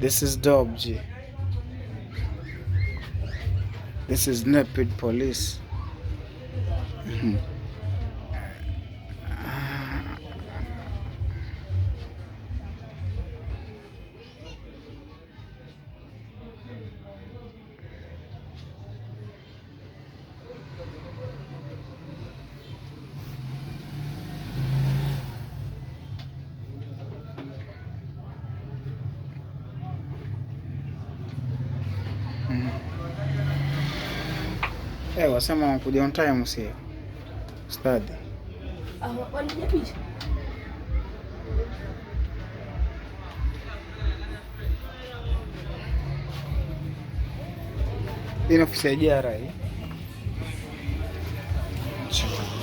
this is Dobji. This is Nepid police. Hmm. Mm. Eh, wasema wanakuja on time sio? Ustadi. Ah, wanijapisha. ni ofisi ya JRA.